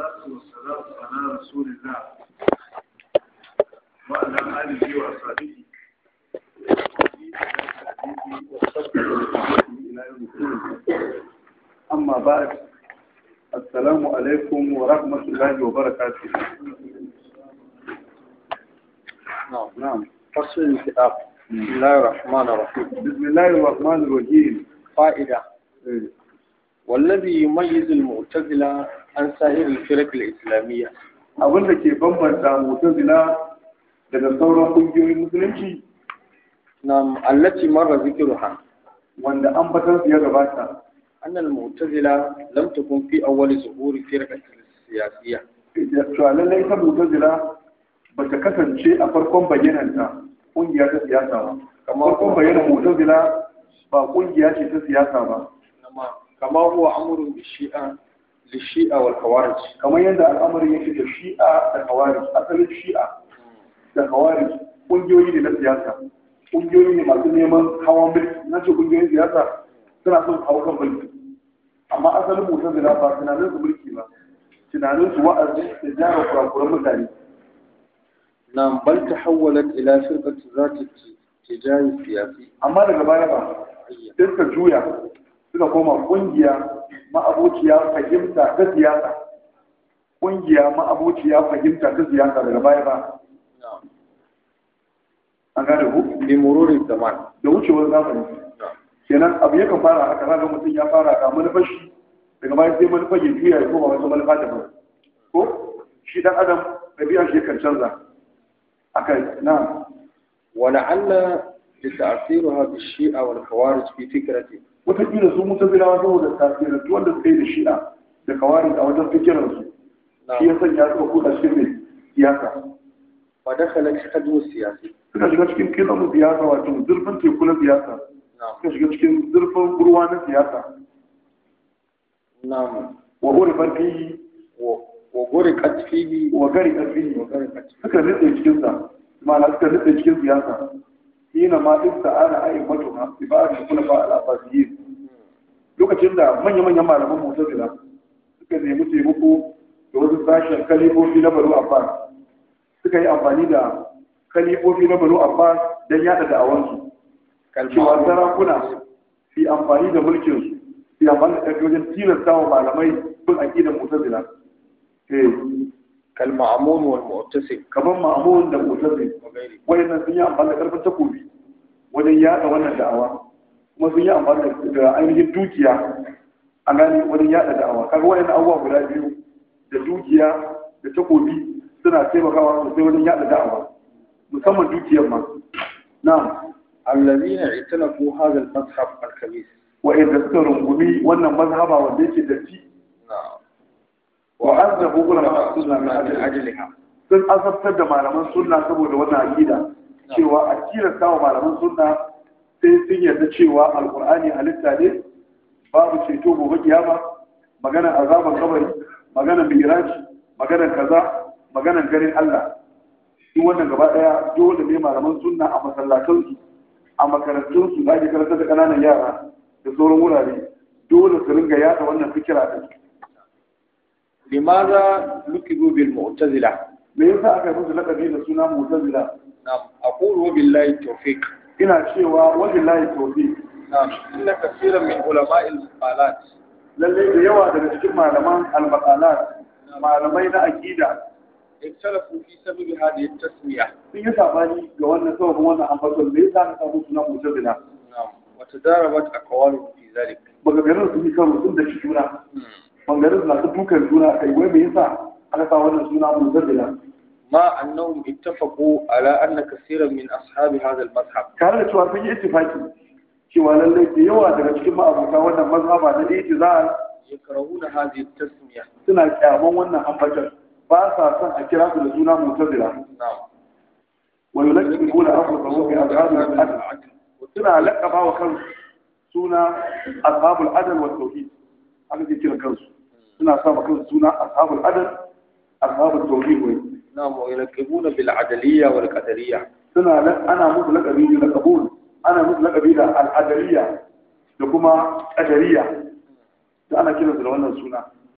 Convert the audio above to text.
والصلاة والسلام على رسول الله وعلى آله وأصحابه أما بعد السلام عليكم ورحمة الله وبركاته نعم نعم فصل الكتاب بسم الله الرحمن الرحيم بسم الله الرحمن الرحيم فائدة إيه. wallazi yumayyizul mu'tazila an sa'iril firaq al-islamiyya Abinda ke bambanta mu'tazila daga sauran kungiyoyin musulunci nam allati marra zikruha wanda an batar ya gabata annal mu'tazila lam takun fi awwal zuhur firaq al-siyasiyya to lallai ta mu'tazila ba ta kasance a farkon bayyananta kungiya ta siyasa ba kamar farkon bayyanan mu'tazila ba kungiya ce ta siyasa ba kamar huwa Amurin da shi'a da shi'a wal kamar yadda al'amari yake da shi'a da khawarij asalin shi'a da kawarici ƙungiyoyi ne na siyasa ƙungiyoyi ne masu neman hawan mulki na ce ƙungiyoyin siyasa suna son hawa kan mulki amma asalin da ba tunanin su mulki ba tunanin su wa'azi da jara kurakuran mutane nan bal tahawwalat ila firqati ta tijari siyasi amma daga baya ba duk ka juya suka koma kungiya ma'abociya fahimta ta siyasa kungiya ma'abociya fahimta ta siyasa daga baya ba an gane ku murori da zaman da wucewar zamani kenan abu yakan fara haka ga mutum ya fara ga manufar shi daga baya sai manufar ya juya ya koma wata manufa da ba ko shi dan adam ɗabi'ar shi kan canza akai na ولعل لتأثيرها بالشيعة والخوارج في فكرته wataƙila su mutu bilawa saboda tasirantu wanda suka yi da shi'a da kawari a wajen su shi ya sanya suka kuɗa cikin siyasa ba da kala shi kadu siyasa suka shiga cikin mu siyasa wato zurfin teku na siyasa suka shiga cikin zurfin ruwa na siyasa na'am wa gore barfi wa gore katfihi wa gari katfihi suka nutse cikin sa ma'ana suka nutse cikin siyasa hina ma ista'ana ayi matuha da kuna ba al-abbasiyyin lokacin da manya-manyan malaman mu'tazila suka nemi taimako da wasu sashen kalifofi na baro Abbas suka yi amfani da kalifofi na baro Abbas don yada da'awansu cewa sarakuna fi amfani da mulkin su fi amfani da ƙarfi tilasta wa malamai bin da mu'tazila eh kal ma'mun wal mu'tasim kaman ma'mun da mu'tasim wannan sun yi amfani da karfin takobi wajen yada wannan da'awa kuma sun yi amfani da ainihin dukiya a gani wajen yada da'awa kaga wannan abubuwa guda biyu da dukiya da takobi suna taimakawa sosai wajen musamman dukiyar ma na'am allazina italafu hadha al-mazhab al-kabir wa idza tarungumi wannan mazhaba wanda yake da wa azabu suna sunna min ajliha sun azabtar da malaman sunna saboda wannan aƙida cewa a tilasta wa malaman sunna sai sun yarda cewa alkur'ani halitta ne babu ceto gobe kiyama magana azaban kabari magana miraji magana kaza magana garin Allah duk wannan gaba daya dole ne malaman sunna a masallatansu a makarantunsu da ake karanta da kananan yara da sauran wurare dole su ringa yada wannan fikira din limaza lukibu bil mu'tazila me yasa aka musu lakabi da suna mu'tazila na aqulu billahi tawfiq ina cewa wa billahi tawfiq na inna kaseeran min ulama'il maqalat lalle da yawa daga cikin malaman al maqalat malamai na aqida iktalafu fi sababi hadhihi at-tasmiya sun yi sabani ga wannan sababin wannan ambaton me yasa aka samu suna mu'tazila na yi karo maganganun suna ta dukan juna a kai wai me yasa aka sa wannan suna muzaddila ma annahum ittafaqu ala anna kaseeran min ashabi hadha al-mazhab kare da cewa sun yi ittifaki cewa lallai da yawa daga cikin ma'abuta wannan mazhaba na ittizal yakrahuna hadhihi at-tasmiya suna kyaman wannan ambatar ba sa son a kira su da suna mu'tazila wa yulakkimuna anfusahum bi azhabi al-adl suna laqaba wa kansu suna ashabul adl wa tauhid haka ke kira kansu suna sa maka suna ashabul adad ashabul tawhid wai na'am wa yalqabuna bil adaliyya wal qadariyya suna ana musu laqabi da laqabul ana musu laqabi da al adaliyya da kuma qadariyya da ana kiransu da wannan suna